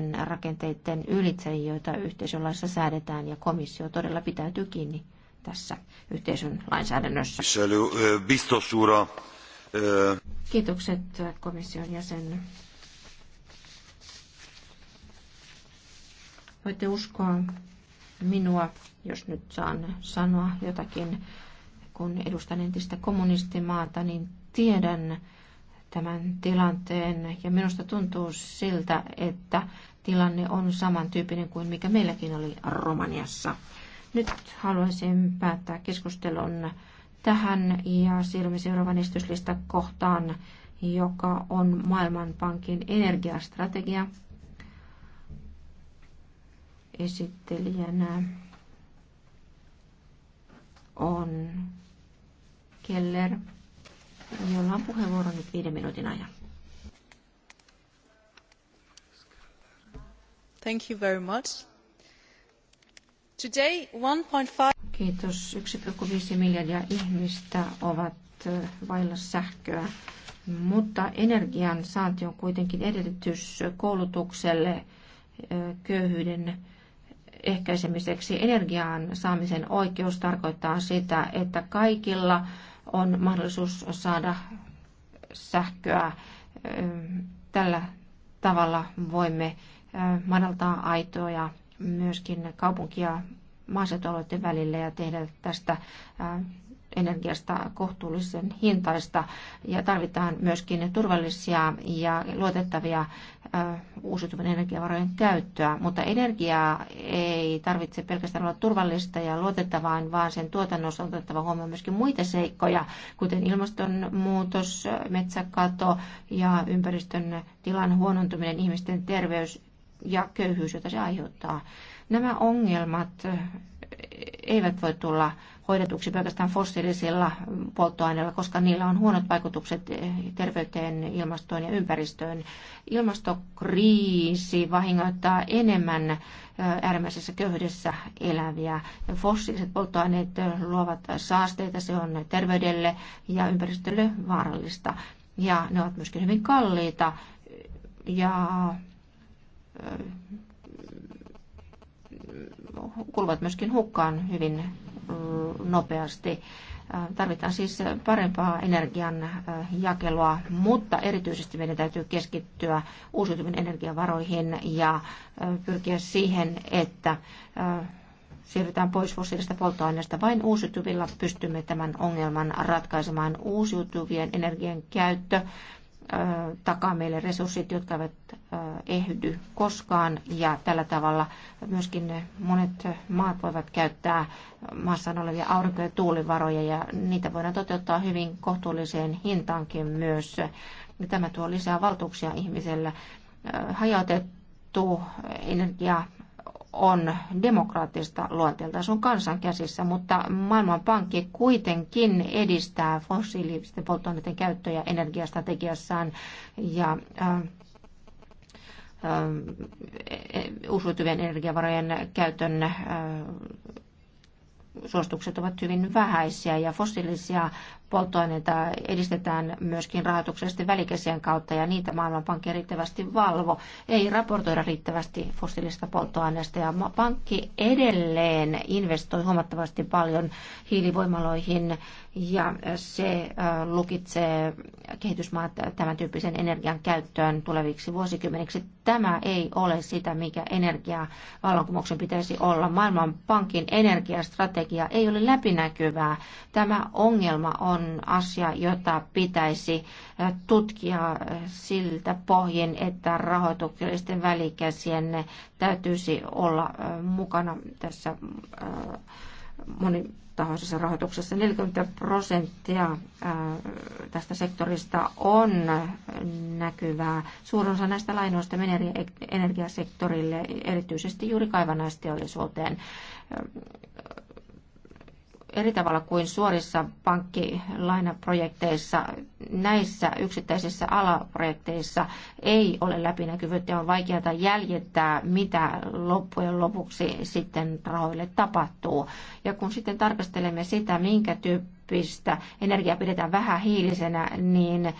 niiden rakenteiden ylitse, joita laissa säädetään, ja komissio todella pitäytyy kiinni tässä yhteisön lainsäädännössä. Kiitokset komission jäsen. Voitte uskoa minua, jos nyt saan sanoa jotakin, kun edustan entistä kommunistimaata, niin tiedän tämän tilanteen ja minusta tuntuu siltä, että tilanne on samantyyppinen kuin mikä meilläkin oli Romaniassa. Nyt haluaisin päättää keskustelun tähän ja siirrymme seuraavan esityslista kohtaan, joka on Maailmanpankin energiastrategia. Esittelijänä on Keller, jolla on puheenvuoro nyt viiden minuutin ajan. Kiitos. 1,5 miljardia ihmistä ovat vailla sähköä, mutta energian saanti on kuitenkin edellytys koulutukselle, köyhyyden ehkäisemiseksi. Energiaan saamisen oikeus tarkoittaa sitä, että kaikilla on mahdollisuus saada sähköä. Tällä tavalla voimme madaltaa aitoja myöskin kaupunkia maaseutualueiden välillä ja tehdä tästä energiasta kohtuullisen hintaista ja tarvitaan myöskin turvallisia ja luotettavia uusiutuvan energiavarojen käyttöä, mutta energiaa ei tarvitse pelkästään olla turvallista ja luotettavaa, vaan sen tuotannossa on otettava huomioon myöskin muita seikkoja, kuten ilmastonmuutos, metsäkato ja ympäristön tilan huonontuminen, ihmisten terveys, ja köyhyys, jota se aiheuttaa. Nämä ongelmat eivät voi tulla hoidetuksi pelkästään fossiilisilla polttoaineilla, koska niillä on huonot vaikutukset terveyteen, ilmastoon ja ympäristöön. Ilmastokriisi vahingoittaa enemmän äärimmäisessä köyhyydessä eläviä. Fossiiliset polttoaineet luovat saasteita, se on terveydelle ja ympäristölle vaarallista. Ja ne ovat myöskin hyvin kalliita ja kuluvat myöskin hukkaan hyvin nopeasti. Tarvitaan siis parempaa energian äh, jakelua, mutta erityisesti meidän täytyy keskittyä uusiutuvien energiavaroihin ja äh, pyrkiä siihen, että äh, siirrytään pois fossiilista polttoaineesta. Vain uusiutuvilla pystymme tämän ongelman ratkaisemaan. Uusiutuvien energian käyttö takaa meille resurssit, jotka eivät ehdy koskaan. Ja tällä tavalla myöskin monet maat voivat käyttää maassaan olevia aurinko- ja tuulivaroja ja niitä voidaan toteuttaa hyvin kohtuulliseen hintaankin myös. Ja tämä tuo lisää valtuuksia ihmisellä. Hajautettu energia on demokraattista luonteelta. Se on kansan käsissä, mutta Maailmanpankki kuitenkin edistää fossiilisten polttoaineiden käyttöä energiastrategiassaan ja äh, äh, uusiutuvien energiavarojen käytön äh, suositukset ovat hyvin vähäisiä ja fossiilisia polttoaineita edistetään myöskin rahoituksellisesti välikesien kautta ja niitä Maailmanpankki riittävästi valvo. Ei raportoida riittävästi fossiilisista polttoaineista ja pankki edelleen investoi huomattavasti paljon hiilivoimaloihin ja se lukitsee kehitysmaat tämän tyyppisen energian käyttöön tuleviksi vuosikymmeniksi. Tämä ei ole sitä, mikä energiavallankumouksen pitäisi olla. Maailmanpankin energiastrategia ei ole läpinäkyvää. Tämä ongelma on on asia, jota pitäisi tutkia siltä pohjin, että rahoituksellisten välikäsien täytyisi olla mukana tässä monitahoisessa rahoituksessa. 40 prosenttia tästä sektorista on näkyvää. Suurin osa näistä lainoista menee e-, energiasektorille, erityisesti juuri kaivannaisteollisuuteen eri tavalla kuin suorissa pankkilainaprojekteissa. Näissä yksittäisissä alaprojekteissa ei ole läpinäkyvyyttä ja on vaikeaa jäljittää, mitä loppujen lopuksi sitten rahoille tapahtuu. Ja kun sitten tarkastelemme sitä, minkä tyyppi tyyppistä energiaa pidetään hiilisenä, niin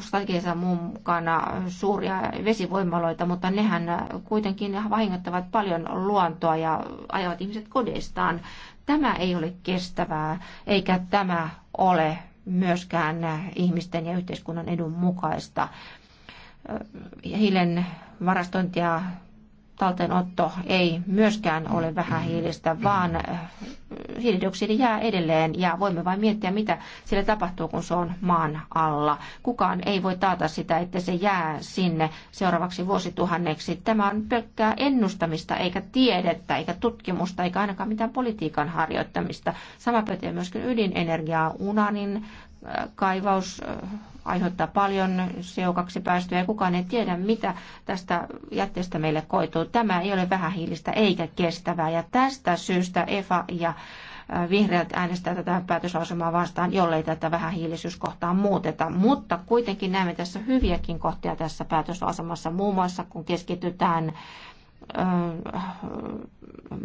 strategiassa muun mukana suuria vesivoimaloita, mutta nehän kuitenkin vahingoittavat paljon luontoa ja ajavat ihmiset kodeistaan. Tämä ei ole kestävää, eikä tämä ole myöskään ihmisten ja yhteiskunnan edun mukaista. Hiilen varastointia talteenotto ei myöskään ole vähähiilistä, vaan äh, hiilidioksidi jää edelleen ja voimme vain miettiä, mitä sille tapahtuu, kun se on maan alla. Kukaan ei voi taata sitä, että se jää sinne seuraavaksi vuosituhanneksi. Tämä on pelkkää ennustamista, eikä tiedettä, eikä tutkimusta, eikä ainakaan mitään politiikan harjoittamista. Sama pätee myöskin ydinenergiaa. Unanin kaivaus aiheuttaa paljon CO2-päästöjä ja kukaan ei tiedä, mitä tästä jätteestä meille koituu. Tämä ei ole vähähiilistä eikä kestävää ja tästä syystä EFA ja vihreät äänestää tätä päätöslausumaa vastaan, jollei tätä vähähiilisyyskohtaa muuteta. Mutta kuitenkin näemme tässä hyviäkin kohtia tässä päätöslausumassa, muun muassa kun keskitytään Äh,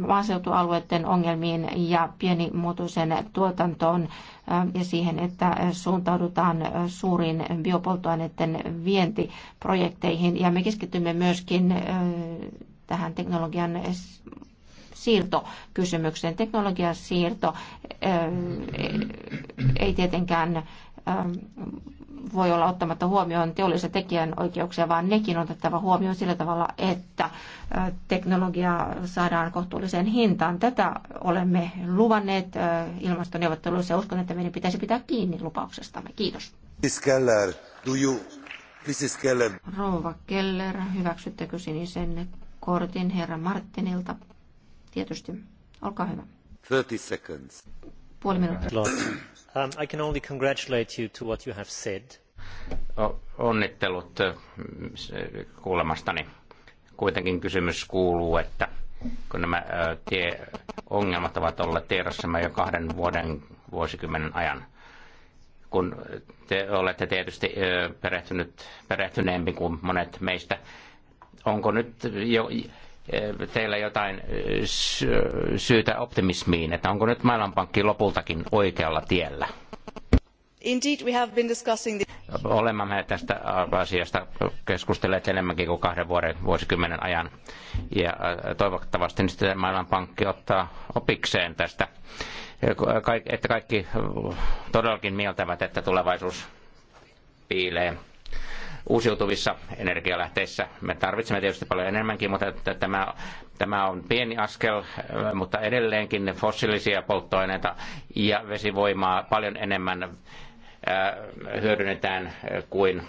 maaseutualueiden ongelmiin ja pienimuotoisen tuotantoon äh, ja siihen, että suuntaudutaan suuriin biopolttoaineiden vientiprojekteihin. Ja me keskitymme myöskin äh, tähän teknologian siirtokysymykseen. Teknologian siirto ei tietenkään voi olla ottamatta huomioon tekijän oikeuksia vaan nekin on otettava huomioon sillä tavalla, että teknologia saadaan kohtuulliseen hintaan. Tätä olemme luvanneet ilmastoneuvotteluissa ja uskon, että meidän pitäisi pitää kiinni lupauksestamme. Kiitos. Keller, do you, Keller. Rouva Keller, hyväksyttekö sinisen kortin herra Martinilta? Tietysti. Olkaa hyvä. 30 seconds. Um, I can only congratulate you to what you have said. Onnittelut kuulemastani. Kuitenkin kysymys kuuluu, että kun nämä ongelmat ovat olleet tiedossamme jo kahden vuoden vuosikymmenen ajan, kun te olette tietysti perehtynyt, perehtyneempi kuin monet meistä, onko nyt jo Eh, teillä jotain eh, syytä optimismiin, että onko nyt Maailmanpankki lopultakin oikealla tiellä? Indeed, we have been discussing the... Olemme me tästä asiasta keskustelleet enemmänkin kuin kahden vuoden, vuosikymmenen ajan. Ja eh, toivottavasti nyt sitten Maailmanpankki ottaa opikseen tästä, että kaikki todellakin mieltävät, että tulevaisuus piilee uusiutuvissa energialähteissä. Me tarvitsemme tietysti paljon enemmänkin, mutta tämä, tämä on pieni askel, mutta edelleenkin fossiilisia polttoaineita ja vesivoimaa paljon enemmän hyödynnetään kuin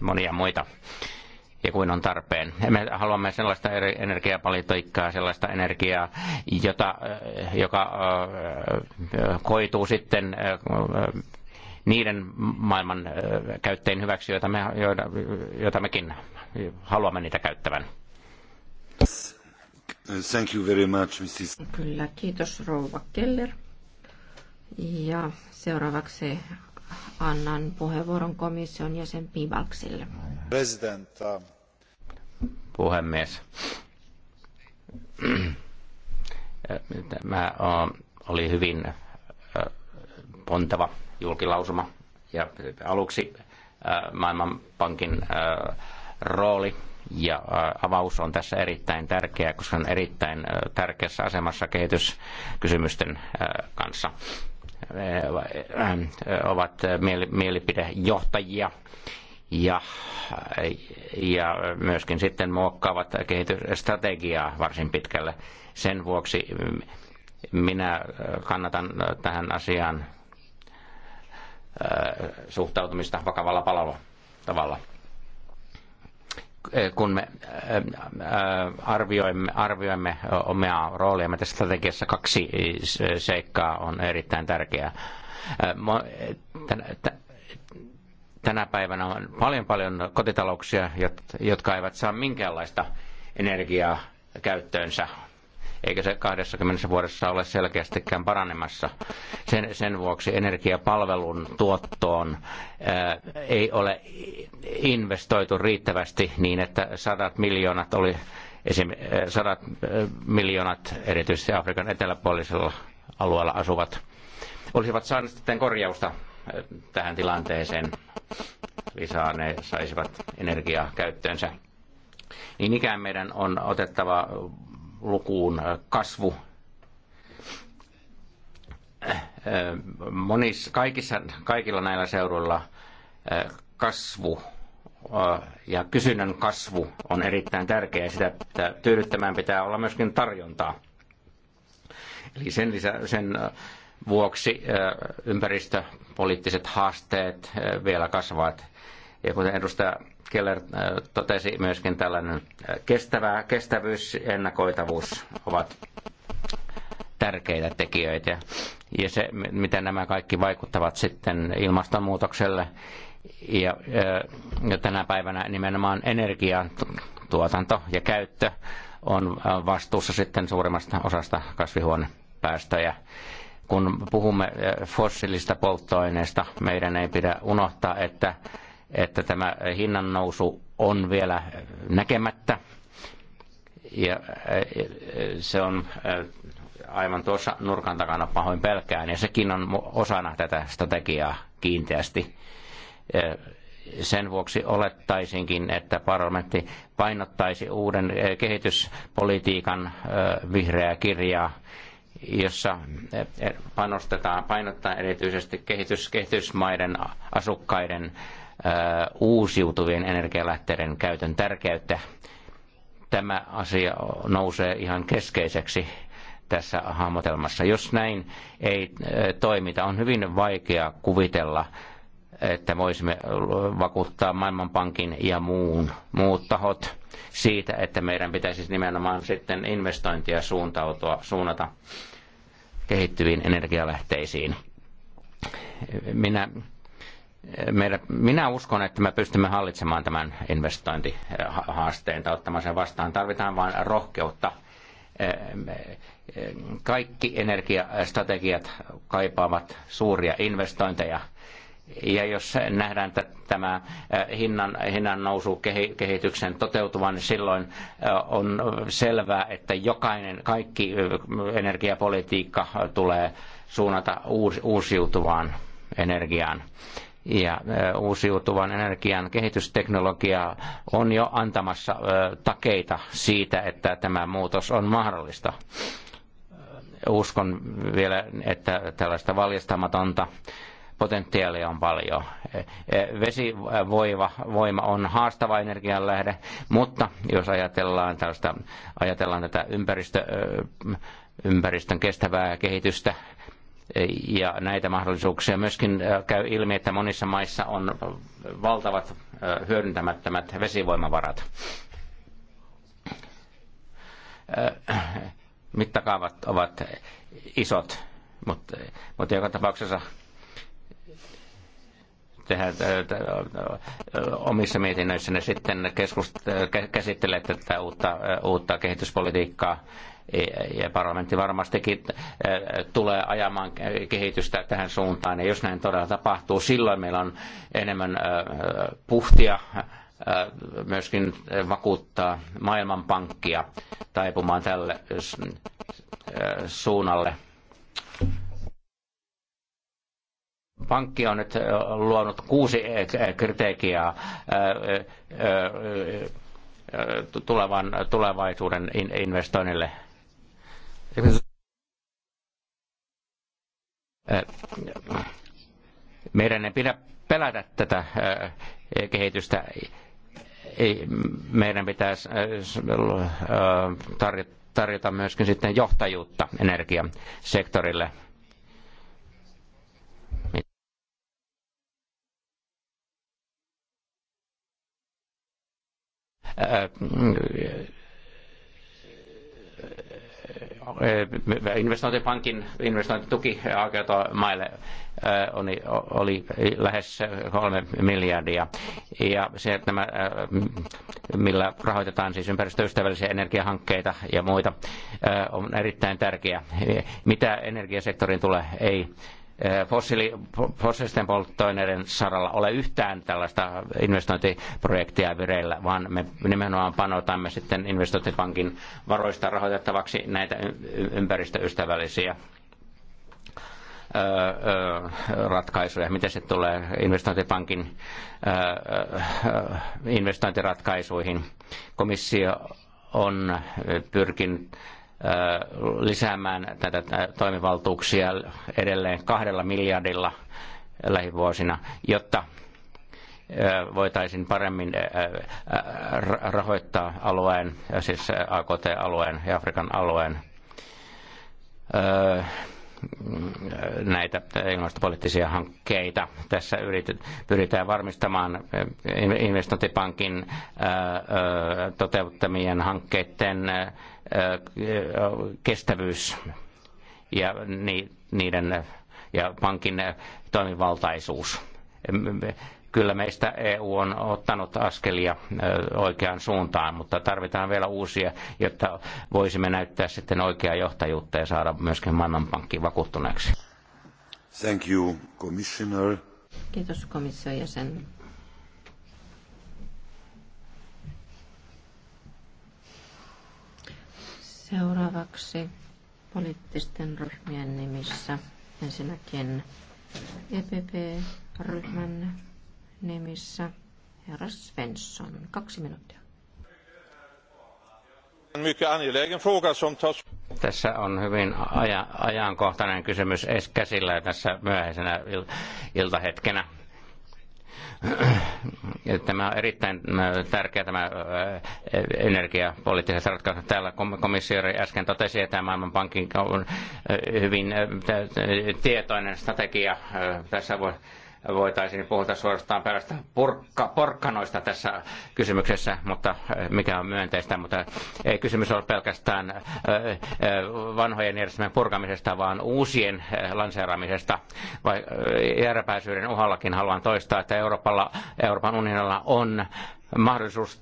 monia muita ja kuin on tarpeen. Me haluamme sellaista energiapolitiikkaa, sellaista energiaa, jota, joka koituu sitten niiden maailman käyttäjien hyväksi, joita, me, joita, joita mekin haluamme niitä käyttävän. Thank you very much, Mrs. Kyllä, kiitos rouva Keller. Ja seuraavaksi annan puheenvuoron komission jäsen Pibalksille. President, uh... Puhemies. Tämä oli hyvin pontava julkilausuma. Ja aluksi äh, Maailmanpankin äh, rooli ja äh, avaus on tässä erittäin tärkeä, koska on erittäin tärkeässä asemassa kehityskysymysten kanssa ovat mielipidejohtajia ja, ja myöskin sitten muokkaavat kehitysstrategiaa varsin pitkälle. Sen vuoksi mm, minä kannatan tähän asiaan suhtautumista vakavalla palalla tavalla. Eh, kun me arvioimme, arvioimme omia rooliamme tässä strategiassa, kaksi seikkaa on erittäin tärkeää. Tänä päivänä on paljon paljon kotitalouksia, jotka eivät saa minkäänlaista energiaa käyttöönsä eikä se 20 vuodessa ole selkeästikään paranemassa. Sen, sen vuoksi energiapalvelun tuottoon ää, ei ole investoitu riittävästi niin, että sadat miljoonat oli esim. sadat miljoonat erityisesti Afrikan eteläpuolisella alueella asuvat olisivat saaneet sitten korjausta tähän tilanteeseen lisää ne saisivat energiaa käyttöönsä. Niin ikään meidän on otettava lukuun äh, kasvu äh, monissa, kaikissa, kaikilla näillä seuduilla äh, kasvu ja kysynnän kasvu on erittäin tärkeää. Sitä pitää, tyydyttämään pitää olla myöskin tarjontaa. Eli sen, lisä, sen vuoksi ympäristöpoliittiset haasteet vielä kasvavat. Ja kuten edustaja Keller äh, totesi myöskin tällainen äh, kestävää, kestävyys ja ennakoitavuus ovat tärkeitä tekijöitä. Ja se, miten nämä kaikki vaikuttavat sitten ilmastonmuutokselle ja, äh, ja tänä päivänä nimenomaan energian tuotanto ja käyttö on vastuussa sitten suurimmasta osasta kasvihuonepäästöjä. Kun puhumme fossiilista polttoaineista, meidän ei pidä unohtaa, että että tämä hinnan nousu on vielä näkemättä. Ja äh, se on äh, aivan tuossa nurkan takana pahoin pelkään, ja sekin on osana tätä strategiaa kiinteästi. Äh, sen vuoksi olettaisinkin, että parlamentti painottaisi uuden kehityspolitiikan vihreää kirjaa, jossa panostetaan, painottaa erityisesti kehitys, kehitysmaiden asukkaiden uusiutuvien energialähteiden käytön tärkeyttä. Tämä asia nousee ihan keskeiseksi tässä hahmotelmassa. Jos näin ei toimita, on hyvin vaikea kuvitella, että voisimme vakuuttaa Maailmanpankin ja muun, muut tahot siitä, että meidän pitäisi nimenomaan sitten investointia suuntautua, suunnata kehittyviin energialähteisiin. Minä meidän, minä uskon, että me pystymme hallitsemaan tämän investointihaasteen tai ottamaan sen vastaan. Tarvitaan vain rohkeutta. Eh, eh, kaikki energiastrategiat kaipaavat suuria investointeja. Ja jos nähdään tämä eh, hinnan, hinnan nousu kehityksen toteutuvan, niin silloin on selvää, että jokainen, kaikki energiapolitiikka tulee suunnata uusiutuvaan energiaan ja uusiutuvan energian kehitysteknologia on jo antamassa takeita siitä, että tämä muutos on mahdollista. Uskon vielä, että tällaista valjastamatonta potentiaalia on paljon. Vesivoima on haastava energianlähde, mutta jos ajatellaan, tällaista, ajatellaan tätä ympäristö, ympäristön kestävää kehitystä, ja näitä mahdollisuuksia. Myöskin äh, käy ilmi, että monissa maissa on valtavat äh, hyödyntämättömät vesivoimavarat. Äh, mittakaavat ovat isot, mutta, mutta joka tapauksessa tehdään omissa mietinnöissänne sitten keskust, käsittelette tätä uutta, uutta kehityspolitiikkaa ja parlamentti varmastikin äh, tulee ajamaan kehitystä tähän suuntaan. Ja jos näin todella tapahtuu, silloin meillä on enemmän äh, puhtia äh, myöskin vakuuttaa maailmanpankkia taipumaan tälle suunnalle. Pankki on nyt luonut kuusi kriteeriä tulevan, tulevaisuuden investoinnille – meidän ei pidä pelätä tätä kehitystä. Meidän pitäisi tarjota myöskin sitten johtajuutta energiasektorille investointipankin investointituki maille oli, oli lähes kolme miljardia. Ja se, että nämä, millä rahoitetaan siis ympäristöystävällisiä energiahankkeita ja muita, on erittäin tärkeää. Mitä energiasektorin tulee, ei Eh, fossiili, fossiilisten polttoaineiden saralla ole yhtään tällaista investointiprojektia vireillä, vaan me nimenomaan panotamme sitten investointipankin varoista rahoitettavaksi näitä ympäristöystävällisiä ratkaisuja, miten se tulee investointipankin investointiratkaisuihin. Komissio on pyrkinyt lisäämään tätä toimivaltuuksia edelleen kahdella miljardilla lähivuosina, jotta voitaisiin paremmin rahoittaa alueen, siis AKT-alueen ja Afrikan alueen näitä poliittisia hankkeita. Tässä yrit, pyritään varmistamaan eh, investointipankin eh, eh, toteuttamien hankkeiden kestävyys ja niiden ja pankin toimivaltaisuus Kyllä meistä EU on ottanut askelia oikeaan suuntaan, mutta tarvitaan vielä uusia, jotta voisimme näyttää sitten oikeaa johtajuutta ja saada myöskin Mannanpankki vakuuttuneeksi. Thank you, Commissioner. Kiitos komission jäsen. Seuraavaksi poliittisten ryhmien nimissä ensinnäkin EPP-ryhmän nimissä herra Svensson. Kaksi minuuttia. Tässä on hyvin aja, ajankohtainen kysymys käsillä tässä myöhäisenä il, iltahetkenä. Tämä on erittäin äh, tärkeä tämä äh, energiapoliittiset ratkaisu. Täällä komissiori äsken totesi, että Maailmanpankin on äh, hyvin tietoinen strategia. Tässä voi voitaisiin puhuta suorastaan perästä porkka, porkkanoista tässä kysymyksessä, mutta eh, mikä on myönteistä, mutta ei kysymys ole pelkästään eh, eh, vanhojen järjestelmien purkamisesta, vaan uusien lanseeraamisesta. Vai järpäisyyden uhallakin haluan toistaa, että Euroopalla, Euroopan unionilla on mahdollisuus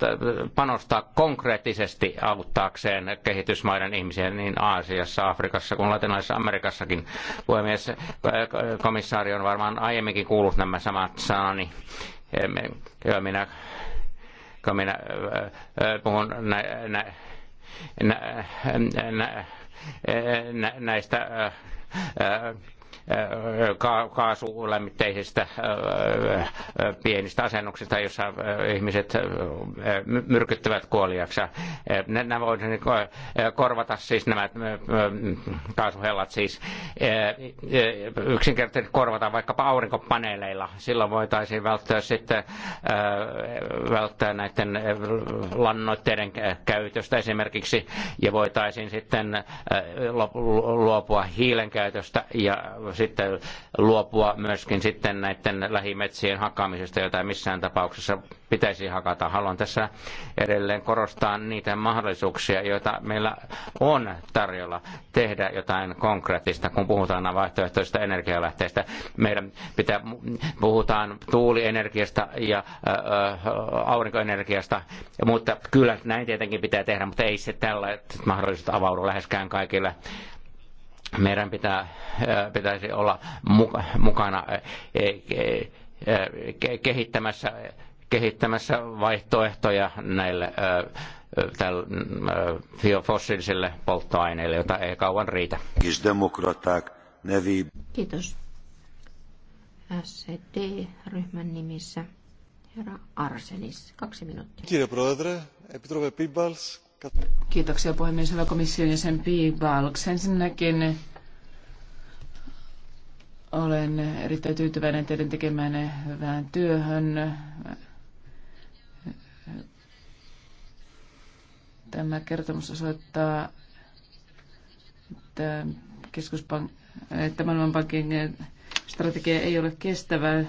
panostaa konkreettisesti auttaakseen kehitysmaiden ihmisiä niin Aasiassa, Afrikassa kuin Latinalaisessa Amerikassakin. Puhemies, komissaari on varmaan aiemminkin kuullut nämä samat sanani. Minä, kun minä puhun nä, nä, nä, nä, näistä kaasulämmitteisistä pienistä asennuksista, jossa ihmiset myrkyttävät kuoliaksi. Nämä voidaan niin korvata siis nämä kaasuhellat siis yksinkertaisesti korvata vaikkapa aurinkopaneeleilla. Silloin voitaisiin välttää sitten välttää näiden lannoitteiden käytöstä esimerkiksi ja voitaisiin sitten luopua hiilen käytöstä ja sitten luopua myöskin sitten näiden lähimetsien hakamisesta jota ei missään tapauksessa pitäisi hakata. Haluan tässä edelleen korostaa niitä mahdollisuuksia, joita meillä on tarjolla tehdä jotain konkreettista, kun puhutaan vaihtoehtoisista energialähteistä. Meidän pitää, puhutaan tuulienergiasta ja aurinkoenergiasta, mutta kyllä näin tietenkin pitää tehdä, mutta ei se tällä mahdollisuus avaudu läheskään kaikille meidän pitää, pitäisi olla mukana e, e, kehittämässä, kehittämässä vaihtoehtoja näille fossiilisille polttoaineille, joita ei kauan riitä. Kiitos. SED-ryhmän nimissä herra Arsenis, kaksi minuuttia. Kiitos, Kiitoksia puhemies. Hyvä komission jäsen Piibalks. Ensinnäkin olen erittäin tyytyväinen teidän tekemään hyvään työhön. Tämä kertomus osoittaa, että, keskuspank- että maailmanpankin strategia ei ole kestävä.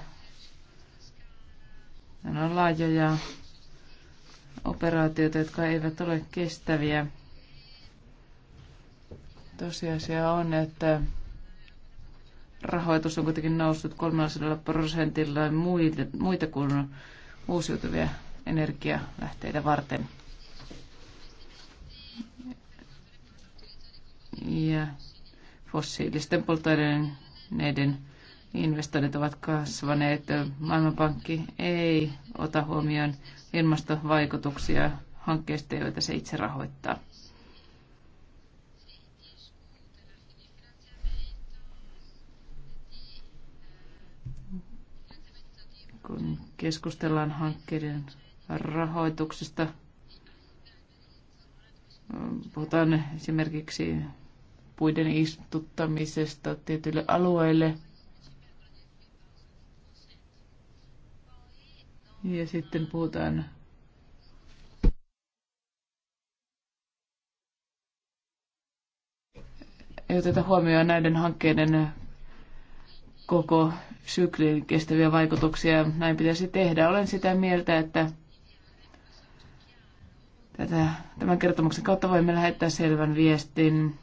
Hän on ja operaatioita, jotka eivät ole kestäviä. Tosiasia on, että rahoitus on kuitenkin noussut 300 prosentilla muita, muita kuin uusiutuvia energialähteitä varten. Ja fossiilisten polttoaineiden investoinnit ovat kasvaneet. Maailmanpankki ei ota huomioon ilmastovaikutuksia hankkeista, joita se itse rahoittaa. Kun keskustellaan hankkeiden rahoituksesta, puhutaan esimerkiksi puiden istuttamisesta tietyille alueille – Ja sitten puhutaan ei oteta huomioon näiden hankkeiden koko syklin kestäviä vaikutuksia. Näin pitäisi tehdä. Olen sitä mieltä, että tätä, tämän kertomuksen kautta voimme lähettää selvän viestin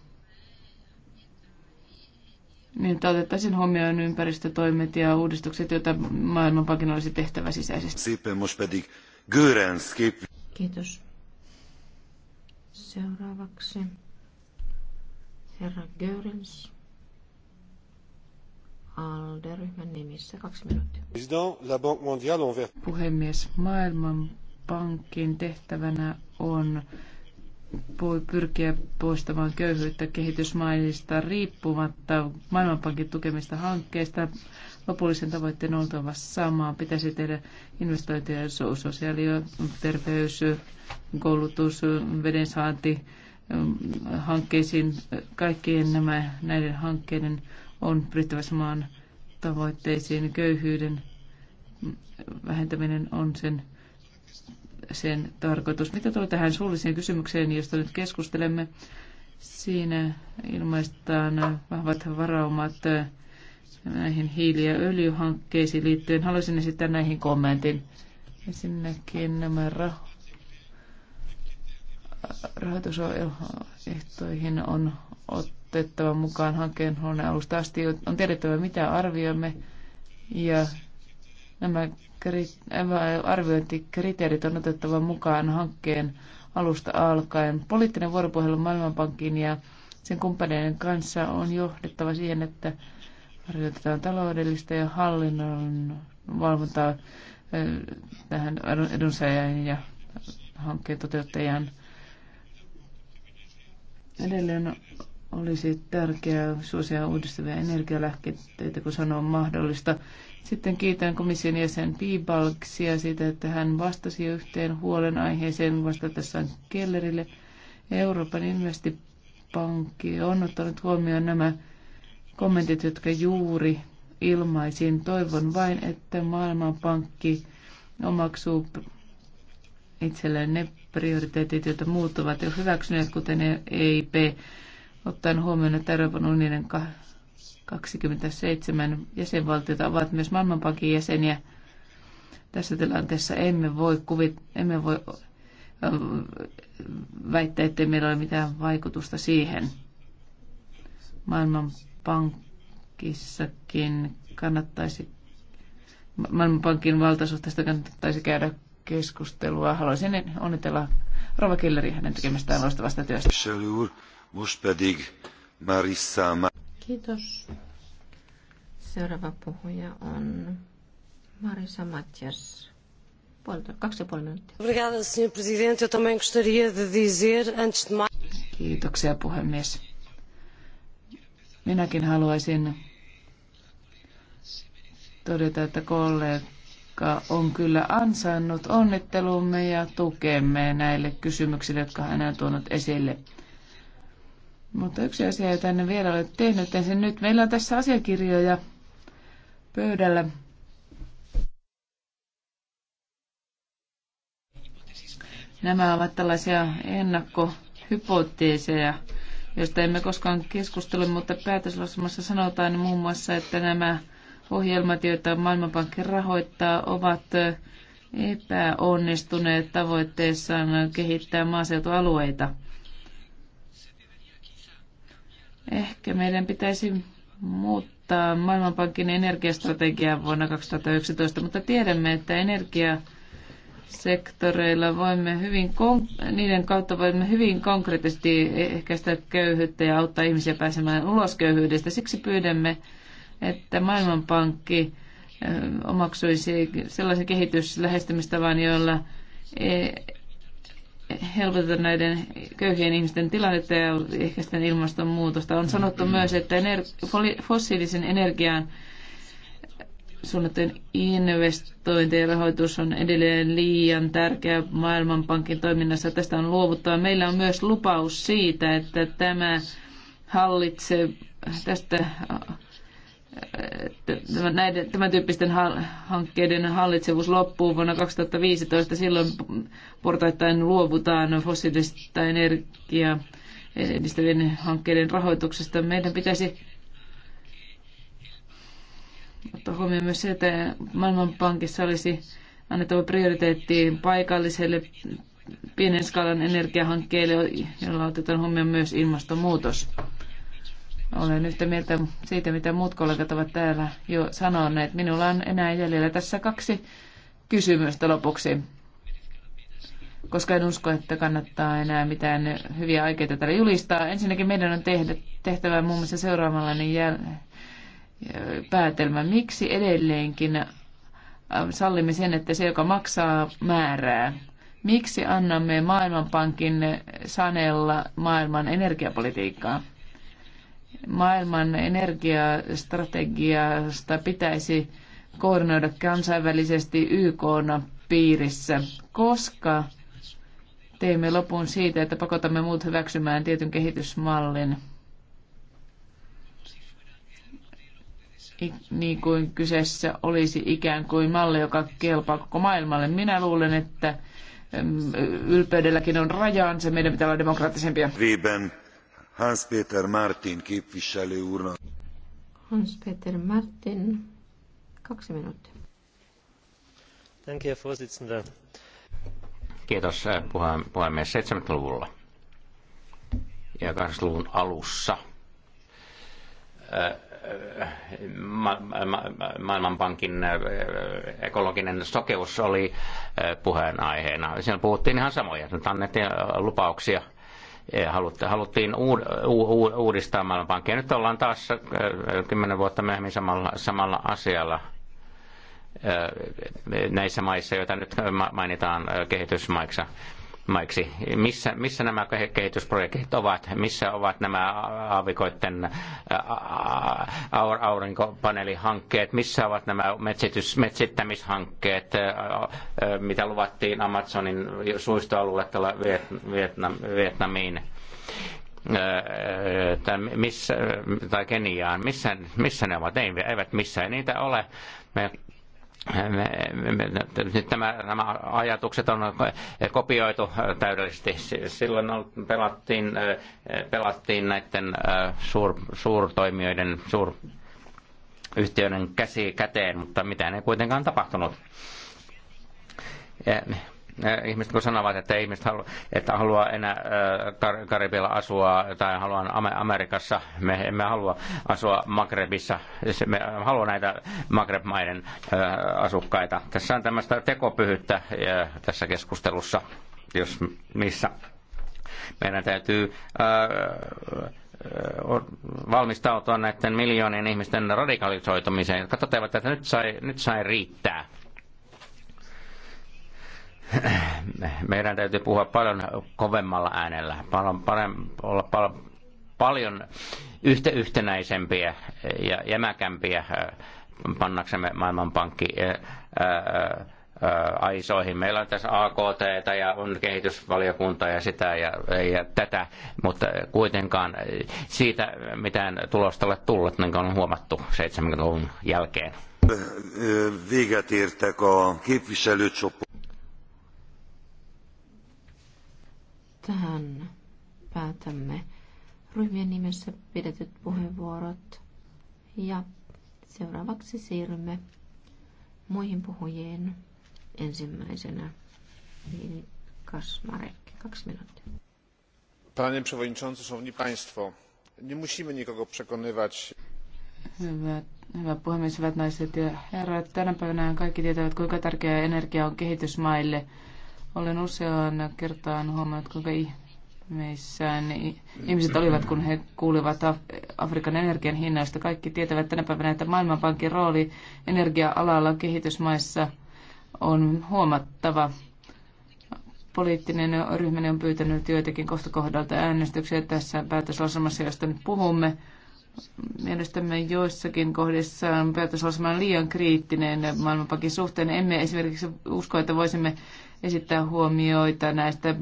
niin että otettaisiin huomioon ympäristötoimet ja uudistukset, joita maailmanpankin olisi tehtävä sisäisesti. Kiitos. Seuraavaksi herra Görens. ALDE-ryhmän nimissä. Kaksi minuuttia. Puhemies, maailmanpankin tehtävänä on pyrkiä poistamaan köyhyyttä kehitysmaista riippumatta Maailmanpankin tukemista hankkeista. Lopullisen tavoitteen oltava sama. Pitäisi tehdä investointeja sosiaali- ja terveys, koulutus, vedensaanti, mm, hankkeisiin. Kaikkien nämä, näiden hankkeiden on pyrittävä samaan tavoitteisiin. Köyhyyden vähentäminen on sen sen tarkoitus. Mitä tulee tähän suulliseen kysymykseen, josta nyt keskustelemme? Siinä ilmaistaan vahvat varaumat näihin hiili- ja öljyhankkeisiin liittyen. Haluaisin esittää näihin kommentin. Ensinnäkin nämä rahoitukset rahoitusehtoihin on otettava mukaan hankkeen huoneen alusta asti. On tiedettävä, mitä arvioimme ja Nämä arviointikriteerit on otettava mukaan hankkeen alusta alkaen. Poliittinen vuoropuhelu Maailmanpankin ja sen kumppaneiden kanssa on johdettava siihen, että arvioitetaan taloudellista ja hallinnon valvontaa eh, tähän edunsaajan ja hankkeen toteuttajan. Edelleen olisi tärkeää suosia uudistavia energialähteitä, kun sanoo mahdollista. Sitten kiitän komission jäsen Piibalksia siitä, että hän vastasi yhteen huolenaiheeseen vastatessaan Kellerille. Euroopan investipankki on ottanut huomioon nämä kommentit, jotka juuri ilmaisin. Toivon vain, että Maailmanpankki omaksuu itselleen ne prioriteetit, joita muut ovat jo hyväksyneet, kuten EIP, ottaen huomioon, että Euroopan unionin 27 jäsenvaltiota ovat myös Maailmanpankin jäseniä. Tässä tilanteessa emme voi, kuvit, emme voi väittää, ettei meillä ole mitään vaikutusta siihen. Maailmanpankissakin kannattaisi, Maailmanpankin valtasuhteesta kannattaisi käydä keskustelua. Haluaisin onnitella Rova Killeri hänen tekemästään loistavasta työstä. Kiitos. Seuraava puhuja on Marisa Matias. Kaksi Kiitoksia, puhemies. Minäkin haluaisin todeta, että kollega on kyllä ansainnut onnittelumme ja tukemme näille kysymyksille, jotka hän on tuonut esille. Mutta yksi asia, jota en vielä ole tehnyt, en sen nyt. Meillä on tässä asiakirjoja pöydällä. Nämä ovat tällaisia ennakkohypoteeseja, joista emme koskaan keskustele, mutta päätöslausumassa sanotaan muun muassa, että nämä ohjelmat, joita Maailmanpankki rahoittaa, ovat epäonnistuneet tavoitteessaan kehittää maaseutualueita. Ehkä meidän pitäisi muuttaa Maailmanpankin energiastrategiaa vuonna 2019, mutta tiedämme, että energiasektoreilla voimme hyvin, niiden kautta voimme hyvin konkreettisesti ehkäistä köyhyyttä ja auttaa ihmisiä pääsemään ulos köyhyydestä. Siksi pyydämme, että Maailmanpankki omaksuisi sellaisen kehityslähestymistavan, jolla e- helpoteta näiden köyhien ihmisten tilannetta ja sitten ilmastonmuutosta. On sanottu myös, että ener- fossiilisen energian suunnattujen investointien rahoitus on edelleen liian tärkeä Maailmanpankin toiminnassa. Tästä on luovuttava. Meillä on myös lupaus siitä, että tämä hallitsee tästä näiden, tämän tyyppisten hankkeiden hallitsevuus loppuu vuonna 2015. Silloin portaittain luovutaan fossiilista energiaa edistävien hankkeiden rahoituksesta. Meidän pitäisi ottaa huomioon myös se, että Maailmanpankissa olisi annettava prioriteetti paikalliselle pienen skaalan energiahankkeelle, jolla otetaan huomioon myös ilmastonmuutos. Olen yhtä mieltä siitä, mitä muut kollegat ovat täällä jo sanoneet. Minulla on enää jäljellä tässä kaksi kysymystä lopuksi, koska en usko, että kannattaa enää mitään hyviä aikeita täällä julistaa. Ensinnäkin meidän on tehdä, tehtävä muun muassa niin jäl... päätelmä. Miksi edelleenkin sallimme sen, että se, joka maksaa, määrää? Miksi annamme Maailmanpankin sanella maailman energiapolitiikkaa? Maailman energiastrategiasta pitäisi koordinoida kansainvälisesti YK piirissä, koska teemme lopun siitä, että pakotamme muut hyväksymään tietyn kehitysmallin. niin kuin kyseessä olisi ikään kuin malli, joka kelpaa koko maailmalle. Minä luulen, että mm, ylpeydelläkin on rajansa. Meidän pitää olla demokraattisempia. Hans Peter Martin képviselő úrnak. Hans Peter Martin, kaksi minuuttia. Thank you, Kiitos eh, puhemies. 70-luvulla ja 80-luvun alussa eh, Maailmanpankin eh, ekologinen sokeus oli puheenaiheena. Siellä puhuttiin ihan samoja, nyt annettiin lupauksia – haluttiin uudistaa maailmanpankkia. Nyt ollaan taas äh, kymmenen vuotta myöhemmin samalla, samalla asialla äh, näissä maissa, joita nyt mainitaan äh, kehitysmaiksi maiksi. Missä, missä nämä kehitysprojektit ovat? Missä ovat nämä aavikoiden aurinkopaneelihankkeet? Missä ovat nämä metsitys, metsittämishankkeet, mitä luvattiin Amazonin suistoalueelle tällä Vietnam, Vietnamiin? tai, missä, tai Keniaan, missä, missä ne ovat, eivät missään niitä ole. Me nyt tämä, nämä ajatukset on kopioitu täydellisesti. Silloin pelattiin, pelattiin näiden suur, suurtoimijoiden, suuryhtiöiden käsi käteen, mutta mitään ei kuitenkaan tapahtunut ihmiset kun sanovat, että ihmiset halu, että haluaa enää Kar- Karibialla asua tai haluaa Amerikassa, me emme halua asua Magrebissa, me haluaa näitä Magreb-maiden asukkaita. Tässä on tämmöistä tekopyhyyttä tässä keskustelussa, jos missä. Meidän täytyy valmistautua näiden miljoonien ihmisten radikalisoitumiseen, jotka toteavat, että nyt sai, nyt sai riittää meidän täytyy puhua paljon kovemmalla äänellä, paljon, parem, olla pal, paljon yhtä yhtenäisempiä ja jämäkämpiä äh, pannaksemme Maailmanpankki äh, äh, aisoihin. Meillä on tässä AKT ja on kehitysvaliokunta ja sitä ja, ja tätä, mutta kuitenkaan siitä mitään tulosta ole tullut, niin kuin on huomattu 70-luvun jälkeen. Véget értek a képviselőcsoport. tähän päätämme ryhmien nimessä pidetyt puheenvuorot ja seuraavaksi siirrymme muihin puhujiin ensimmäisenä niin Kasmarek. Kaksi minuuttia. Panie przewodniczący, szanowni państwo, nie musimy nikogo przekonywać. Hyvät, hyvä puhemies, hyvät naiset ja herrat. Tänä päivänä kaikki tietävät, kuinka tärkeää energia on kehitysmaille olen useaan kertaan huomannut, kuinka ihmeissään ihmiset olivat, kun he kuulivat Afrikan energian hinnasta Kaikki tietävät tänä päivänä, että Maailmanpankin rooli energia-alalla kehitysmaissa on huomattava poliittinen ryhmäni on pyytänyt joitakin kohta kohdalta äänestyksiä tässä päätöslauselmassa, josta nyt puhumme. Mielestämme joissakin kohdissa on on liian kriittinen maailmanpankin suhteen. Emme esimerkiksi usko, että voisimme esittää huomioita näistä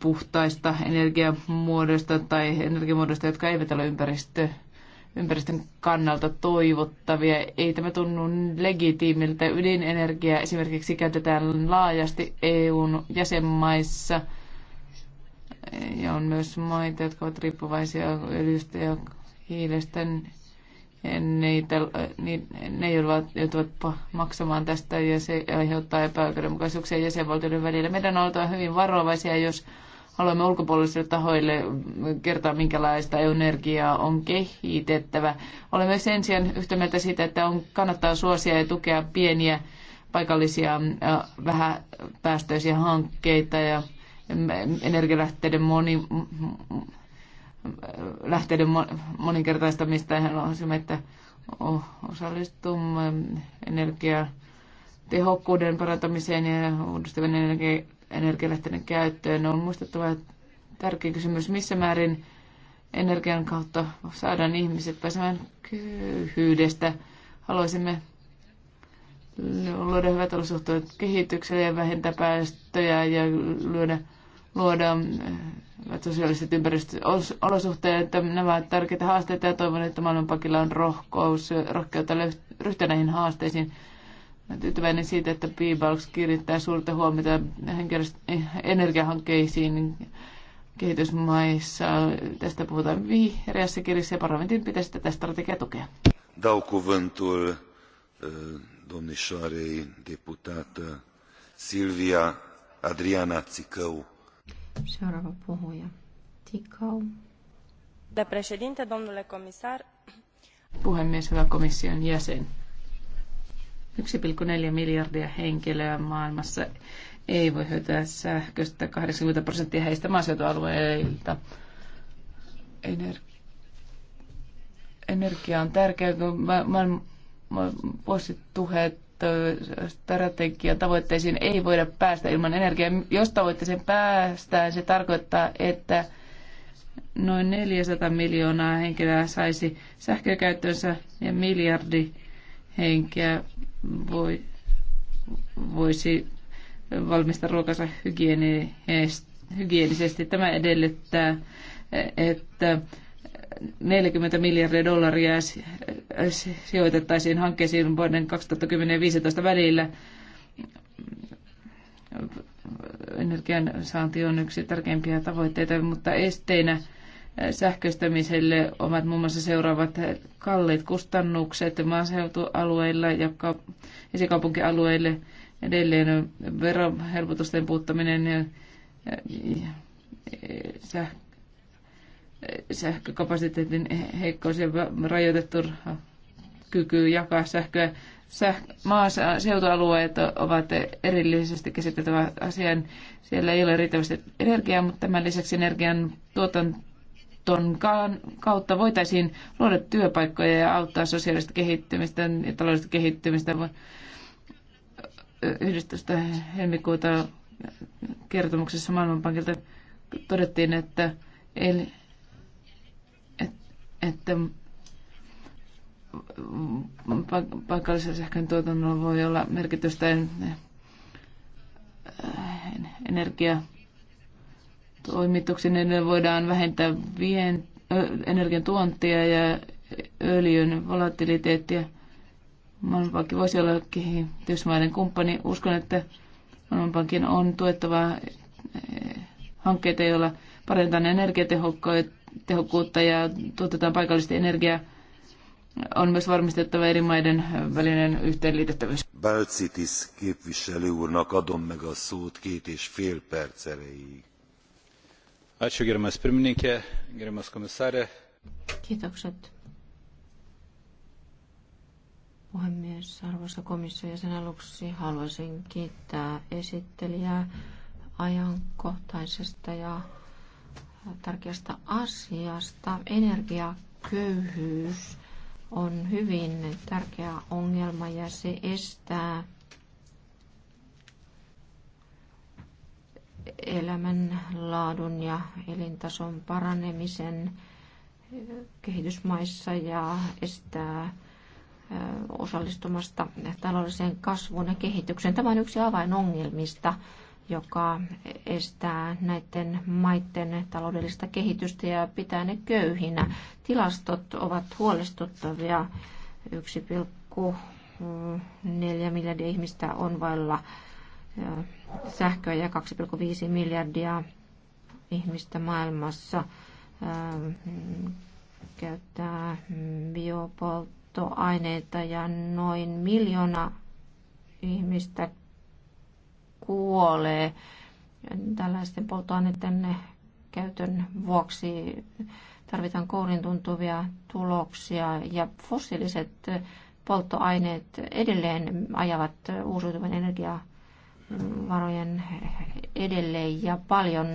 puhtaista energiamuodoista tai energiamuodoista, jotka eivät ole ympäristö, ympäristön kannalta toivottavia. Ei tämä tunnu legitiimiltä. ydinenergia esimerkiksi käytetään laajasti EUn jäsenmaissa ja on myös maita, jotka ovat riippuvaisia öljystä ja hiilestä niitä, ne joutuvat, joutuvat maksamaan tästä ja se aiheuttaa epäoikeudenmukaisuuksia jäsenvaltioiden välillä. Meidän on oltava hyvin varovaisia, jos haluamme ulkopuolisille tahoille kertoa, minkälaista energiaa on kehitettävä. Olemme sen sijaan yhtä mieltä siitä, että on, kannattaa suosia ja tukea pieniä paikallisia vähäpäästöisiä hankkeita ja mm, energialähteiden moni, lähteiden moninkertaistamista ja se, että osallistumme energian parantamiseen ja uudistuvien energi- energialähteiden käyttöön. On muistettava tärkeä kysymys, missä määrin energian kautta saadaan ihmiset pääsemään köyhyydestä. Haluaisimme luoda hyvät olosuhteet kehitykselle ja vähentää päästöjä ja luoda, luoda sosiaaliset ympäristöolosuhteet, nämä ovat tärkeitä haasteita ja toivon, että maailmanpakilla on rohkous, rohkeutta ryhtyä näihin haasteisiin. Olen tyytyväinen siitä, että Peebalks kiinnittää suurta huomiota energiahankkeisiin kehitysmaissa. Tästä puhutaan vihreässä kirjassa ja parlamentin pitäisi tätä strategiaa tukea. Dau cuvântul eh, domnișoarei deputată Silvia Adriana Țicău Seuraava puhuja. Tikkau. Tikau. Președinte, domnule comisar. Puhemies, hyvä komission jäsen. 1,4 miljardia henkilöä maailmassa ei voi hyötyä sähköstä. 80 prosenttia heistä maaseutualueilta. energia on tärkeä, kun ma- ma- ma- vuosituhet ilmastostrategian tavoitteisiin ei voida päästä ilman energiaa. Jos tavoitteeseen päästään, se tarkoittaa, että noin 400 miljoonaa henkilöä saisi sähkökäyttöönsä ja miljardi henkeä voi, voisi valmistaa ruokansa hygienisesti. Tämä edellyttää, että 40 miljardia dollaria sijoitettaisiin hankkeisiin vuoden 2010-2015 välillä. Energian saanti on yksi tärkeimpiä tavoitteita, mutta esteinä sähköistämiselle ovat muun muassa seuraavat kalliit kustannukset maaseutualueilla ja esikaupunkialueille edelleen verohelpotusten puuttaminen ja sähkö sähkökapasiteetin heikkous ja rajoitettu kyky jakaa sähköä. Säh- seutualueet ovat erillisesti käsiteltävä asian. Siellä ei ole riittävästi energiaa, mutta tämän lisäksi energian tuotanton kautta voitaisiin luoda työpaikkoja ja auttaa sosiaalista kehittymistä ja taloudellista kehittymistä. 11. helmikuuta kertomuksessa Maailmanpankilta todettiin, että että paikallisen sähkön tuotannolla voi olla merkitystä eh, energia toimituksiin, ne voidaan vähentää vien, energian tuontia ja öljyn volatiliteettia. Maailmanpankki voisi olla kehitysmaiden kumppani. Uskon, että Maailmanpankin on tuettava eh, hankkeita, joilla parantaa energiatehokkaita tehokkuutta ja tuotetaan paikallista energiaa. On myös varmistettava eri maiden välinen yhteenliitettävyys. Balcitis képviselő úrnak adom meg a szót két és fél perc erejéig. Ačiū, gerimas pirmininkė, gerimas komisarė. Kiitokset. Puhemies, arvoisa komissio, sen aluksi haluaisin kiittää esittelijää ajankohtaisesta ja tärkeästä asiasta. Energiaköyhyys on hyvin tärkeä ongelma ja se estää elämänlaadun ja elintason paranemisen kehitysmaissa ja estää osallistumasta taloudelliseen kasvuun ja kehitykseen. Tämä on yksi avainongelmista joka estää näiden maiden taloudellista kehitystä ja pitää ne köyhinä. Tilastot ovat huolestuttavia. 1,4 miljardia ihmistä on vailla sähköä ja 2,5 miljardia ihmistä maailmassa käyttää biopolttoaineita ja noin miljoona ihmistä kuolee tällaisten polttoaineiden käytön vuoksi. Tarvitaan kourin tuntuvia tuloksia ja fossiiliset polttoaineet edelleen ajavat uusiutuvan energiavarojen edelleen ja paljon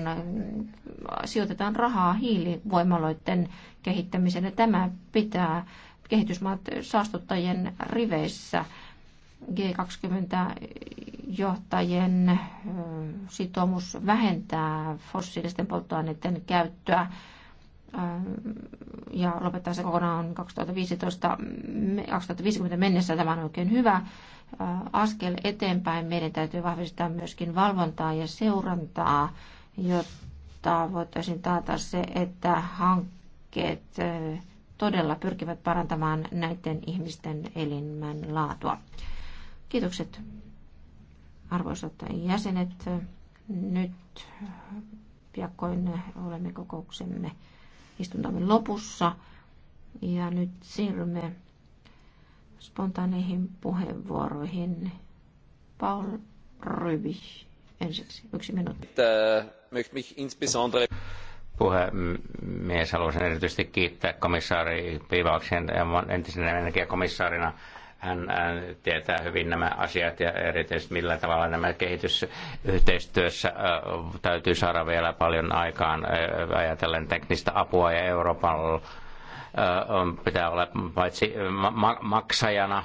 sijoitetaan rahaa hiilivoimaloiden kehittämiseen. Tämä pitää kehitysmaat saastuttajien riveissä. G20-johtajien sitoumus vähentää fossiilisten polttoaineiden käyttöä ja lopettaa se kokonaan on 2015, 2050 mennessä. Tämä on oikein hyvä askel eteenpäin. Meidän täytyy vahvistaa myöskin valvontaa ja seurantaa, jotta voitaisiin taata se, että hankkeet todella pyrkivät parantamaan näiden ihmisten elinmän laatua. Kiitokset arvoisat jäsenet. Nyt piakkoin olemme kokouksemme istuntamme lopussa ja nyt siirrymme spontaaneihin puheenvuoroihin. Paul Ryby ensiksi, yksi minuutti. Puhemies, haluaisin erityisesti kiittää komissaari Piivauksen entisenä energiakomissaarina hän tietää hyvin nämä asiat ja erityisesti millä tavalla nämä kehitysyhteistyössä täytyy saada vielä paljon aikaan ajatellen teknistä apua ja Euroopan pitää olla paitsi maksajana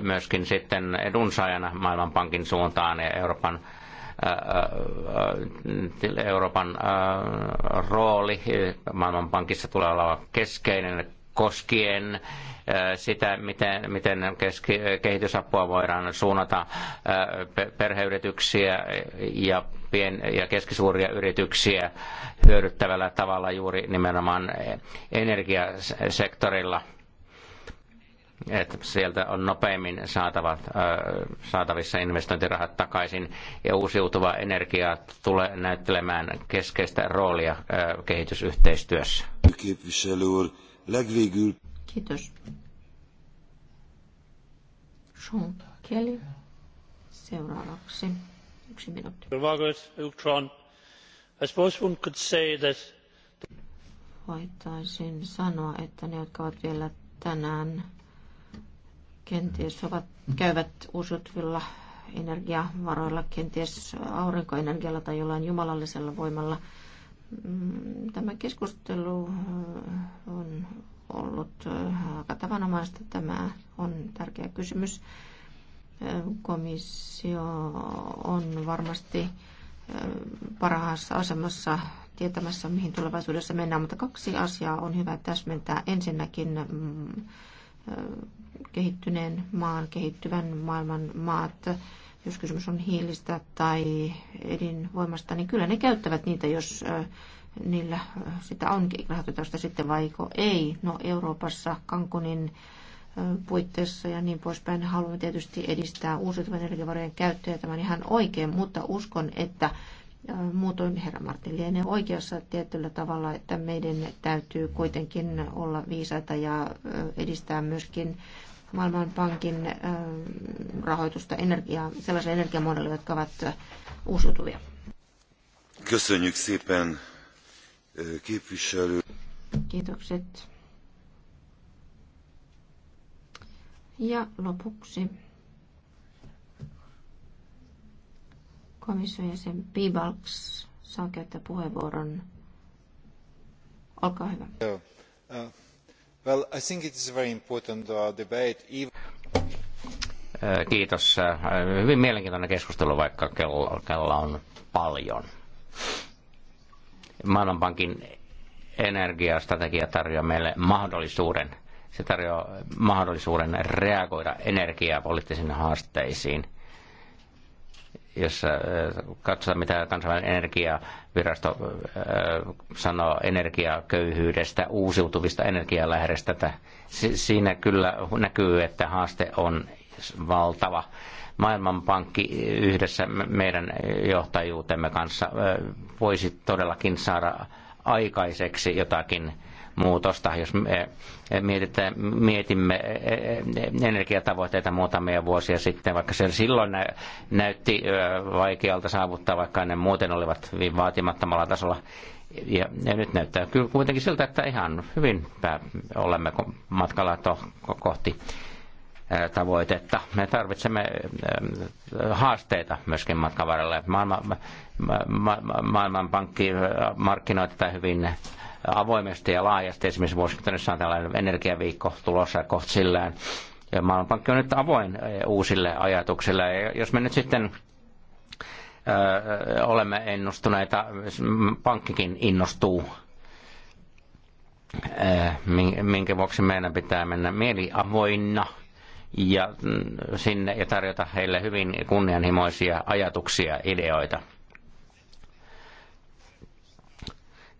myöskin sitten edunsaajana Maailmanpankin suuntaan ja Euroopan Euroopan rooli Maailmanpankissa tulee olla keskeinen koskien äh, sitä, miten, miten keski, kehitysapua voidaan suunnata äh, perheyrityksiä ja pien- ja keskisuuria yrityksiä hyödyttävällä tavalla juuri nimenomaan energiasektorilla että sieltä on nopeimmin saatavat, äh, saatavissa investointirahat takaisin ja uusiutuva energia tulee näyttelemään keskeistä roolia kehitysyhteistyössä legvégül... Kétös. Sean Kelly. Seuraavaksi yksi minuutti. I suppose one could say that... Voitaisin sanoa, että ne, jotka ovat vielä tänään kenties ovat, käyvät uusiutuvilla energiavaroilla, kenties aurinkoenergialla tai jollain jumalallisella voimalla – Mm, tämä keskustelu äh, on ollut aika äh, tavanomaista. Tämä on tärkeä kysymys. Äh, komissio on varmasti parhaassa asemassa tietämässä, mihin tulevaisuudessa mennään, mutta kaksi asiaa on hyvä täsmentää. Ensinnäkin mm, kehittyneen maan, kehittyvän maailman maat jos kysymys on hiilistä tai edinvoimasta, niin kyllä ne käyttävät niitä, jos niillä sitä on rahoitusta sitten vaiko ei. No Euroopassa Kankunin puitteissa ja niin poispäin haluamme tietysti edistää uusiutuvan energiavarojen käyttöä, tämän ihan oikein, mutta uskon, että muutoin herra Martin lienee oikeassa tietyllä tavalla, että meidän täytyy kuitenkin olla viisaita ja edistää myöskin Maailmanpankin ähm, rahoitusta energiaa, sellaisia energiamuodoille, jotka ovat äh, uusiutuvia. Köszönjük szépen, képviselő. Kiitokset. Ja lopuksi komission jäsen Pibalks saa käyttää puheenvuoron. Olkaa hyvä. Yeah. Äh, uh, I think it is a very important uh, debate. Kiitos. Hyvin mielenkiintoinen keskustelu, vaikka kello, kello on paljon. Maailmanpankin energiastrategia tarjoaa meille mahdollisuuden. Se tarjoaa mahdollisuuden reagoida energiapoliittisiin haasteisiin – jos äh, katsotaan, mitä kansainvälinen energiavirasto äh, sanoo energiaköyhyydestä, uusiutuvista energialähdestä, siinä kyllä näkyy, että haaste on valtava. Maailmanpankki yhdessä meidän johtajuutemme kanssa äh, voisi todellakin saada aikaiseksi jotakin muutosta. Jos eh, mietitään, mietimme eh, energiatavoitteita muutamia vuosia sitten, vaikka se silloin näytti vaikealta saavuttaa, vaikka ne muuten olivat hyvin vaatimattomalla tasolla, ja, ja nyt näyttää kyllä kuitenkin siltä, että ihan hyvin olemme matkalla to, kohti tavoitetta. Me tarvitsemme haasteita myöskin matkan varrella. Maailma, ma, ma, maailmanpankki markkinoi tätä hyvin avoimesti ja laajasti. Esimerkiksi Washingtonissa on tällainen energiaviikko tulossa sillään. Ja Maailmanpankki on nyt avoin uusille ajatuksille. Ja jos me nyt sitten ö, olemme ennustuneita, pankkikin innostuu minkä vuoksi meidän pitää mennä mieliavoinna ja mm, sinne ja tarjota heille hyvin kunnianhimoisia ajatuksia, ideoita.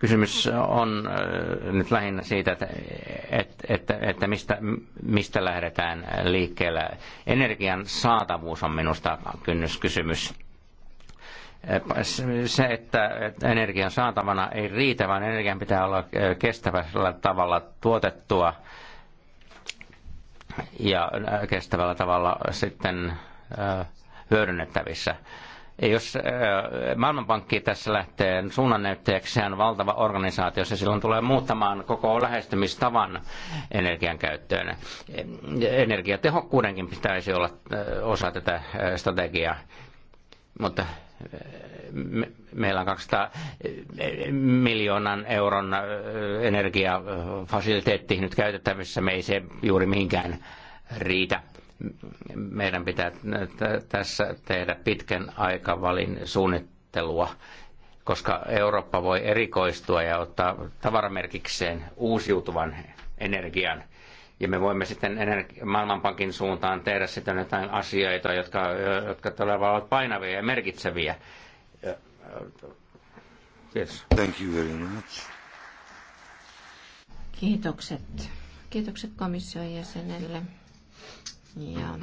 Kysymys on äh, nyt lähinnä siitä, että, että, että, mistä, mistä lähdetään liikkeelle. Energian saatavuus on minusta kynnyskysymys äh, se, että energian saatavana ei riitä, vaan energian pitää olla äh, kestävällä tavalla tuotettua ja kestävällä tavalla sitten hyödynnettävissä. Jos äh, Maailmanpankki tässä lähtee suunnannäyttäjäksi, sehän on valtava organisaatio, se silloin tulee muuttamaan koko lähestymistavan energian käyttöön. Energiatehokkuudenkin pitäisi olla äh, osa tätä äh, strategiaa, mutta meillä on 200 miljoonan euron energiafasiliteetti nyt käytettävissä, me ei se juuri mihinkään riitä meidän pitää tässä tehdä pitkän aikavälin suunnittelua, koska Eurooppa voi erikoistua ja ottaa tavaramerkikseen uusiutuvan energian. Ja me voimme sitten energi- Maailmanpankin suuntaan tehdä sitten jotain asioita, jotka, jotka todella ovat painavia ja merkitseviä. Yes. Thank you very much. Kiitokset. Kiitokset komission jäsenelle. Ja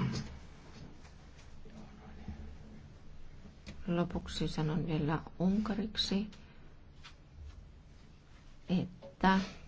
lopuksi sanon vielä unkariksi, että